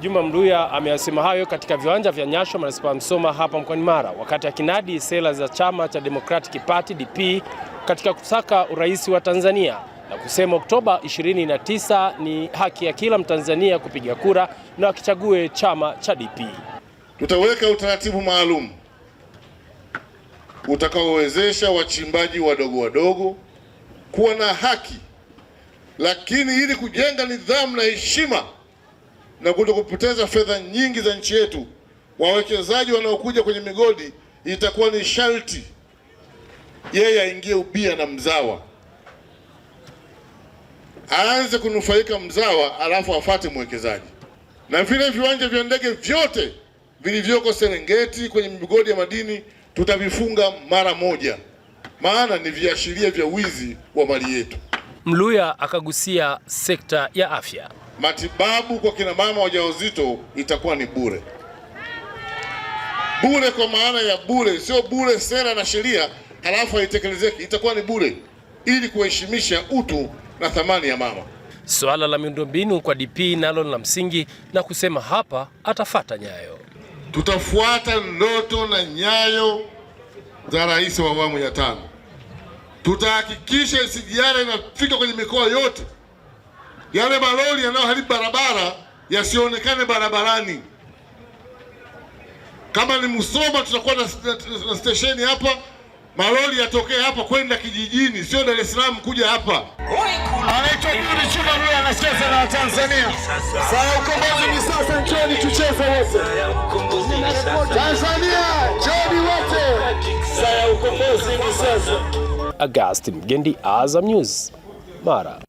Juma Mluya ameyasema hayo katika viwanja vya Nyasho manispaa Msoma hapa mkoani Mara wakati akinadi sera za chama cha Democratic Party DP katika kusaka urais wa Tanzania na kusema Oktoba 29 ni haki ya kila Mtanzania kupiga kura na akichague chama cha DP. Tutaweka utaratibu maalum utakaowezesha wachimbaji wadogo wadogo kuwa na haki, lakini ili kujenga nidhamu na heshima na kuto kupoteza fedha nyingi za nchi yetu, wawekezaji wanaokuja kwenye migodi itakuwa ni sharti yeye aingie ubia na mzawa, aanze kunufaika mzawa, alafu afate mwekezaji. Na vile viwanja vya ndege vyote vilivyoko Serengeti kwenye migodi ya madini tutavifunga mara moja, maana ni viashiria vya wizi wa mali yetu. Mluya akagusia sekta ya afya matibabu kwa kina mama wajawazito itakuwa ni bure. Bure kwa maana ya bure, sio bure sera na sheria halafu haitekelezeki. Itakuwa ni bure ili kuheshimisha utu na thamani ya mama. Suala la miundombinu kwa DP nalo ni la msingi, na kusema hapa atafata nyayo. Tutafuata ndoto na nyayo za rais wa awamu ya tano. Tutahakikisha SGR inafika kwenye mikoa yote yale malori yanayoharibu barabara yasionekane barabarani. Kama ni Musoma tutakuwa na stesheni hapa, malori yatokee hapa kwenda kijijini, sio Dar es Salaam kuja hapa. Anaitwa Dudi Chuma, huyo anacheza na ukombozi ni sasa, njoni tucheze wote. Tanzania njoni wote. ukombozi ni sasa. Mgendi, Azam News, Mara.